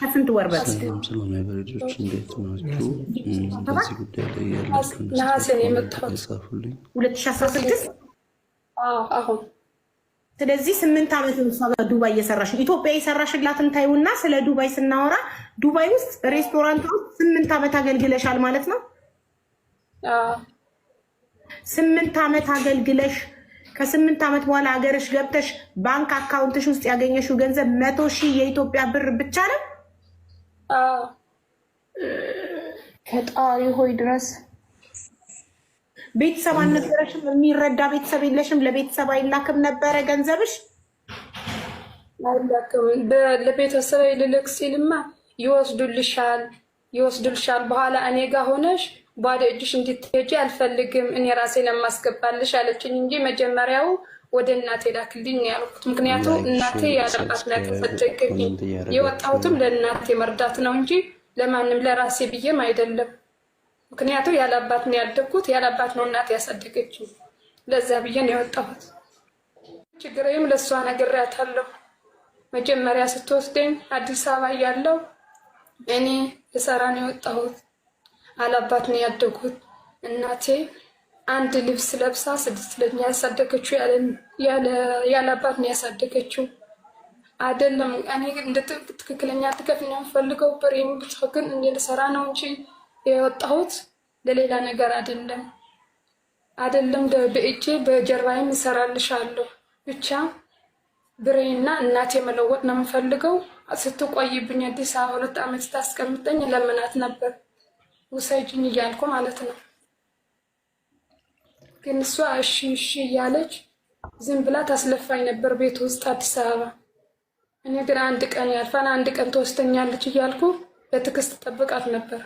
ከስንት ወር በፊት ሰላም ያበረዶች እንዴት ናችሁ? በዚህ ጉዳይ ላይ ያላችሁ ጻፉልኝ። ሁለት ሺህ አስራ ስድስት አሁን ስለዚህ ስምንት ዓመት ዱባይ እየሰራሽ ኢትዮጵያ የሰራሽላትን ታዩና፣ ስለ ዱባይ ስናወራ ዱባይ ውስጥ ሬስቶራንት ውስጥ ስምንት ዓመት አገልግለሻል ማለት ነው። ስምንት ዓመት አገልግለሽ ከስምንት ዓመት በኋላ ሀገርሽ ገብተሽ ባንክ አካውንትሽ ውስጥ ያገኘሽው ገንዘብ መቶ ሺህ የኢትዮጵያ ብር ብቻ ነው። ከጣሪ ሆይ ድረስ ቤተሰብ አልነበረሽም? የሚረዳ ቤተሰብ የለሽም? ለቤተሰብ አይላክም ነበረ ገንዘብሽ? አይላክም። ለቤተሰብ ልልክ ሲልማ ይወስዱልሻል፣ ይወስዱልሻል። በኋላ እኔ ጋ ሆነሽ ባዶ እጅሽ እንድትሄጂ አልፈልግም እኔ ራሴ ለማስገባልሽ አለችኝ እንጂ መጀመሪያው ወደ እናቴ ላክልኝ ያልኩት ምክንያቱም እናቴ ያለባት ላይ ተፈጨገብኝ። የወጣሁትም ለእናቴ መርዳት ነው እንጂ ለማንም ለራሴ ብዬም አይደለም። ምክንያቱም ያለአባት ነው ያደግኩት፣ ያለአባት ነው እናቴ ያሳደገችኝ። ለዛ ብዬ ነው የወጣሁት። ችግሬም ለእሷ ነግሬያታለሁ። መጀመሪያ ስትወስደኝ አዲስ አበባ እያለሁ እኔ ልሰራ ነው የወጣሁት አላባት ነው ያደጉት። እናቴ አንድ ልብስ ለብሳ ስድስት ልጅ ያሳደገችው። ያለአባት ነው ያሳደገችው አይደለም። እኔ እንደ ትክክለኛ ትከፍ ነው የምፈልገው። ብሬም ግን እንዲሰራ ነው እንጂ የወጣሁት ለሌላ ነገር አይደለም። አይደለም በእጄ በጀርባዬም እሰራልሻለሁ። ብቻ ብሬና እናቴ መለወጥ ነው የምፈልገው። ስትቆይብኝ አዲስ አበባ ሁለት ዓመት ስታስቀምጠኝ ለምናት ነበር ውሰጅኝ እያልኩ ማለት ነው። ግን እሷ እሺ እሺ እያለች ዝም ብላ ታስለፋኝ ነበር ቤት ውስጥ አዲስ አበባ። እኔ ግን አንድ ቀን ያልፋን አንድ ቀን ትወስደኛለች እያልኩ በትዕግስት ጠብቃት ነበር።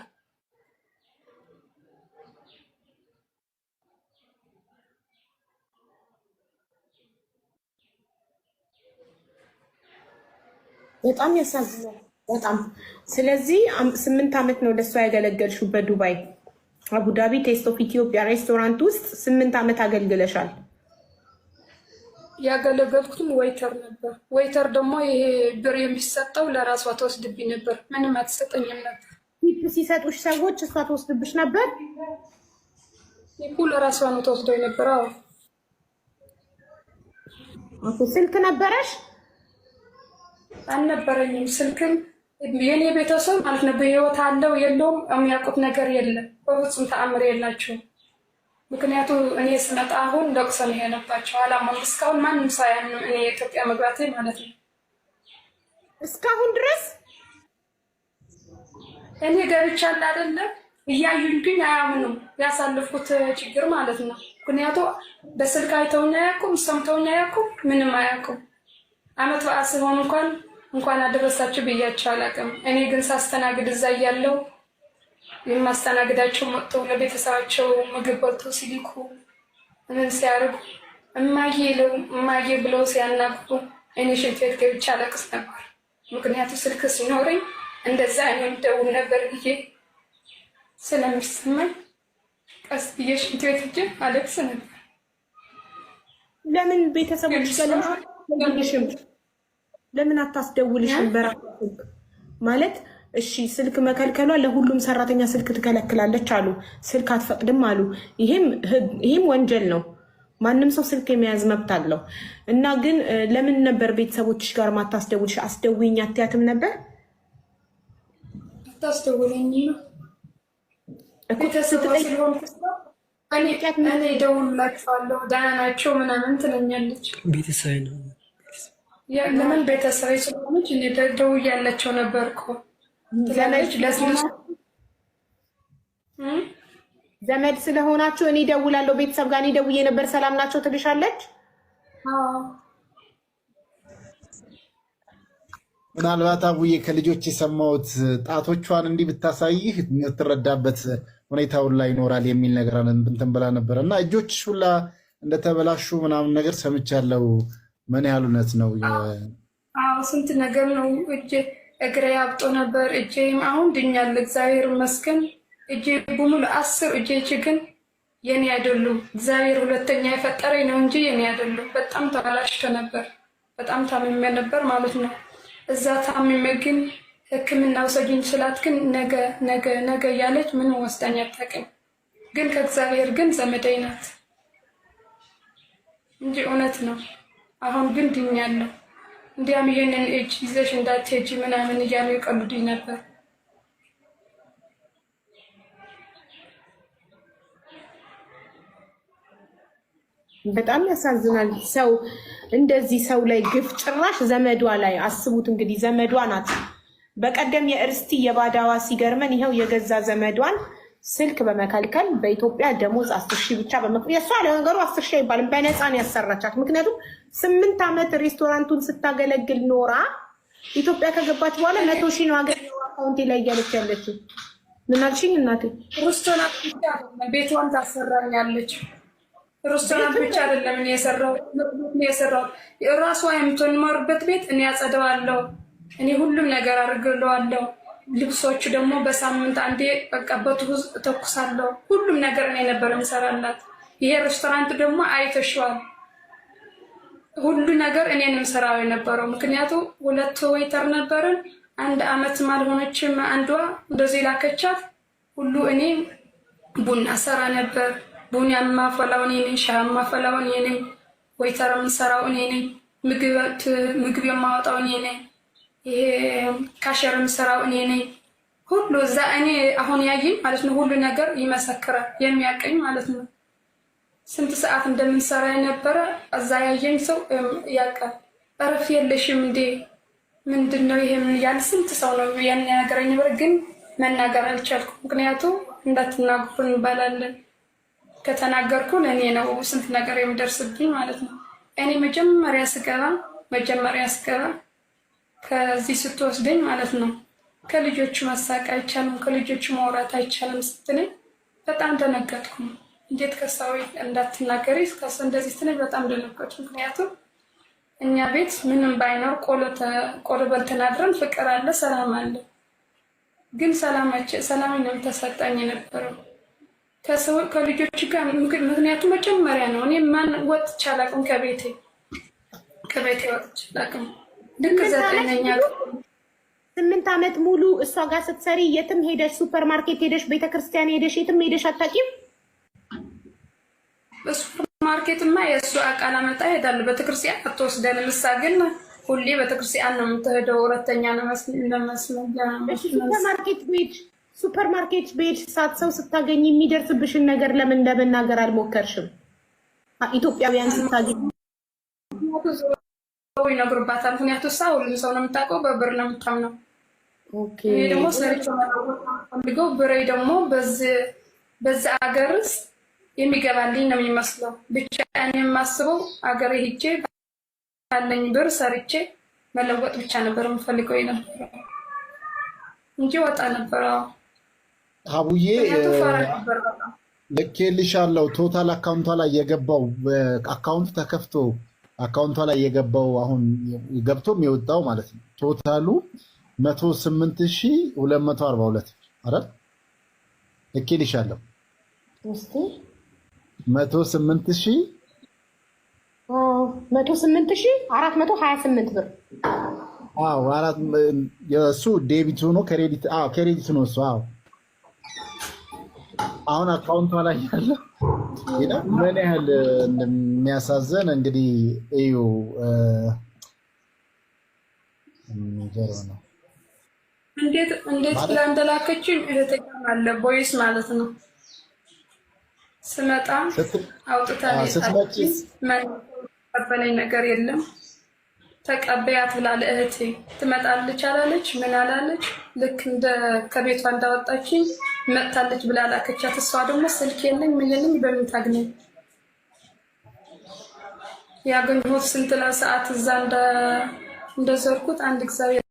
በጣም ያሳዝናል። በጣም ስለዚህ ስምንት ዓመት ነው ለእሷ ያገለገልሽው በዱባይ አቡዳቢ ቴስት ኦፍ ኢትዮጵያ ሬስቶራንት ውስጥ ስምንት ዓመት አገልግለሻል። ያገለገልኩትም ወይተር ነበር። ወይተር ደግሞ ይሄ ብር የሚሰጠው ለራሷ ተወስድብኝ ነበር። ምንም አትሰጠኝም ነበር። ቲፕ ሲሰጡሽ ሰዎች እሷ ተወስድብሽ ነበር። ቲፑ ለራሷ ነው ተወስዶ ነበር። ስልክ ነበረሽ አልነበረኝም። ስልክም የኔ ቤተሰብ ማለት ነው በህይወት አለው የለውም የሚያውቁት ነገር የለም። በፍጹም ተአምር የላቸውም። ምክንያቱ እኔ ስመጣ አሁን ለቅሶ ነው የሆነባቸው። አላማም እስካሁን ማንም ሰው እኔ የኢትዮጵያ መግባቴ ማለት ነው እስካሁን ድረስ እኔ ገብቻ አይደለም እያዩኝ ግን አያምኑም። ያሳለፍኩት ችግር ማለት ነው። ምክንያቱ በስልክ አይተውኝ አያውቁም፣ ሰምተውኝ አያውቁም፣ ምንም አያውቁም። አመት በዓል ሲሆን እንኳን እንኳን አደረሳችሁ ብያቸው አላውቅም። እኔ ግን ሳስተናግድ እዛ እያለሁ የማስተናግዳቸው መጥቶ ለቤተሰባቸው ምግብ በልቶ ሲልኩ ምን ሲያርጉ እማዬ እማዬ ብለው ሲያናግሩ እኔ ሽንት ቤት ገብቼ አለቅስ ነበር። ምክንያቱ ስልክ ሲኖረኝ እንደዛ እኔም ደውል ነበር ብዬ ስለሚሰማኝ ቀስ ብዬ ሽንት ቤት አለቅስ ነበር። ለምን ቤተሰቦች ስለማ ለምን አታስደውልሽም? በራሱ ማለት እሺ፣ ስልክ መከልከሏ ለሁሉም ሰራተኛ ስልክ ትከለክላለች አሉ፣ ስልክ አትፈቅድም አሉ። ይህም ወንጀል ነው። ማንም ሰው ስልክ የመያዝ መብት አለው። እና ግን ለምን ነበር ቤተሰቦችሽ ጋር ማታስደውልሽ? አስደውኝ አትያትም ነበር? አታስደውለኝ እኮ እኔ እደውልላቸዋለሁ፣ ደህና ናቸው ምናምን ትለኛለች። ቤተሰብ ነው ለምን ቤተሰብ ስለሆነች እኔ ደውያላቸው ነበር እኮ ዘመድ ስለሆናቸው እኔ ደውላለሁ። ቤተሰብ ጋር እኔ ደውዬ ነበር። ሰላም ናቸው ትልሻለች። ምናልባት አቡዬ ከልጆች የሰማሁት ጣቶቿን እንዲህ ብታሳይህ የምትረዳበት ሁኔታውን ላይ ይኖራል የሚል ነገር እንትን ብላ ነበር እና ሁላ እንደተበላሹ ምናምን ነገር ሰምቻለሁ። ምን ያህል እውነት ነው? አዎ ስንት ነገር ነው። እጄ እግሬ ያብጦ ነበር። እጄም አሁን ድኛል፣ እግዚአብሔር ይመስገን። እጄ በሙሉ አስር እጆች ግን የኔ አይደሉም። እግዚአብሔር ሁለተኛ የፈጠረኝ ነው እንጂ የኔ አይደሉም። በጣም ተበላሽቶ ነበር። በጣም ታምሜ ነበር ማለት ነው። እዛ ታምሜ ግን ሕክምና ውሰጅኝ ስላት ግን ነገ ነገ ነገ እያለች ምንም ወስዳኝ አታውቅም። ግን ከእግዚአብሔር ግን ዘመዳይ ናት እንጂ እውነት ነው። አሁን ግን ድኛለሁ። እንዲያም ይህንን እጅ ይዘሽ እንዳትሄጂ ምናምን እያሉ ይቀልዱኝ ነበር። በጣም ያሳዝናል። ሰው እንደዚህ ሰው ላይ ግፍ ጭራሽ ዘመዷ ላይ አስቡት እንግዲህ ዘመዷ ናት። በቀደም የእርስቲ የባዳዋ ሲገርመን ይኸው የገዛ ዘመዷን ስልክ በመከልከል በኢትዮጵያ ደሞዝ አስር ሺህ ብቻ በመክፈል የእሷ ለነገሩ አስር ሺህ አይባልም፣ በነፃን ያሰራቻት። ምክንያቱም ስምንት ዓመት ሬስቶራንቱን ስታገለግል ኖራ ኢትዮጵያ ከገባች በኋላ መቶ ሺህ ነው ሀገር አካውንቴ ላይ እያለች ያለችው። ምን አልሽኝ እናቴ? ሬስቶራንት ብቻ ቤቷን ታሰራኛለች። ሬስቶራንት ብቻ አይደለም እኔ የሰራው የሰራሁት ራሷ የምትኖርበት ቤት እኔ ያጸደዋለሁ። እኔ ሁሉም ነገር አድርግለዋለሁ። ልብሶቹ ደግሞ በሳምንት አንዴ በቀበቱ ተኩሳለሁ። ሁሉም ነገር እኔ የነበረ እንሰራላት ይሄ ሬስቶራንት ደግሞ አይተሸዋል። ሁሉ ነገር እኔንም ስራው የነበረው ምክንያቱ ሁለት ወይተር ነበርን። አንድ አመት አልሆነችም አንዷ እንደዚህ ላከቻት። ሁሉ እኔ ቡና ሰራ ነበር። ቡና ማፈላው እኔ ነኝ፣ ሻይ ማፈላው እኔ ነኝ፣ ወይተር የምሰራው እኔ ነኝ፣ ምግብ የማወጣው እኔ ነኝ። ካሸር የምሰራው እኔ ነኝ። ሁሉ እዛ እኔ አሁን ያየኝ ማለት ነው። ሁሉ ነገር ይመሰክራል የሚያቀኝ ማለት ነው። ስንት ሰዓት እንደምንሰራ የነበረ እዛ ያየኝ ሰው ያውቃል። እረፍ የለሽም እንዴ ምንድን ነው ይሄ? ምን ያህል ስንት ሰው ነው ያን ያነገረኝ ነበር፣ ግን መናገር አልቻልኩ። ምክንያቱ እንዳትናገሩ እንባላለን። ከተናገርኩ ለእኔ ነው ስንት ነገር የሚደርስብኝ ማለት ነው። እኔ መጀመሪያ ስገባ መጀመሪያ ስገባ ከዚህ ስትወስደኝ ማለት ነው ከልጆቹ መሳቅ አይቻልም፣ ከልጆቹ ማውራት አይቻልም ስትለኝ በጣም ደነገጥኩ። እንዴት ከሰው እንዳትናገሪ ከሰው እንደዚህ ስትለኝ በጣም ደነገጥኩ። ምክንያቱም እኛ ቤት ምንም ባይኖር ቆሎ በልተን አድረን ፍቅር አለ፣ ሰላም አለ። ግን ሰላም ነው ተሰጣኝ የነበረው ከልጆች ጋር። ምክንያቱም መጀመሪያ ነው እኔ ማን ወጥቼ አላውቅም፣ ከቤቴ ከቤቴ ወጥቼ አላውቅም። ልክ ዘጠነኛ ስምንት ዓመት ሙሉ እሷ ጋር ስትሰሪ የትም ሄደሽ ሱፐር ማርኬት ሄደሽ ቤተክርስቲያን ሄደሽ የትም ሄደሽ አታውቂም? በሱፐር ማርኬትማ የእሱ አቃል አመጣ እሄዳለሁ። ቤተክርስቲያን አትወስደንም። እሳ ግን ሁሌ ቤተክርስቲያን ነው የምትሄደው። ሁለተኛ ለመስለሱፐርማርኬት ቤድ ሱፐር ማርኬት ቤድ ሳት ሰው ስታገኝ የሚደርስብሽን ነገር ለምን ለመናገር አልሞከርሽም? ኢትዮጵያውያን ስታገኝ ሰው ይነግሩባታል። ምክንያቱ ሳ ሁሉም ሰው ነው የምታውቀው፣ በብር ነው የምታምነው። ይሄ ደግሞ ሰርቸው ፈልገው ብሬ ደግሞ በዚህ አገር የሚገባልኝ ነው የሚመስለው። ብቻ እኔ የማስበው አገር ሂጄ ባለኝ ብር ሰርቼ መለወጥ ብቻ ነበር የምፈልገው የነበረው እንጂ ወጣ ነበረ አቡዬ ልኬልሻለሁ። ቶታል አካውንቷ ላይ የገባው አካውንት ተከፍቶ አካውንቷ ላይ የገባው አሁን ገብቶም የወጣው ማለት ነው ቶታሉ 108242 አይደል? እኬልሻለሁ 108428 ብር እሱ ዴቢት ሆኖ ክሬዲት ነው እሱ አሁን አካውንቷ ላይ ያለው ምን ያህል እንደሚያሳዘን እንግዲህ እዩ ነው። እንዴት እንዴት ብላ እንደላከችኝ እህተኛለ ቦይስ ማለት ነው። ስመጣ አውጥታ ቀበለኝ ነገር የለም ተቀበያት ብላ ለእህቴ ትመጣለች አላለች። ምን አላለች? ልክ እንደ ከቤቷ እንዳወጣችኝ መጥታለች ብላ ላከቻት። እሷ ደግሞ ስልክ የለኝ ምን የለኝ በምን ታግኘኝ? ያገኘሁት ስንት ሰዓት እዛ እንደዘርኩት አንድ እግዚአብሔር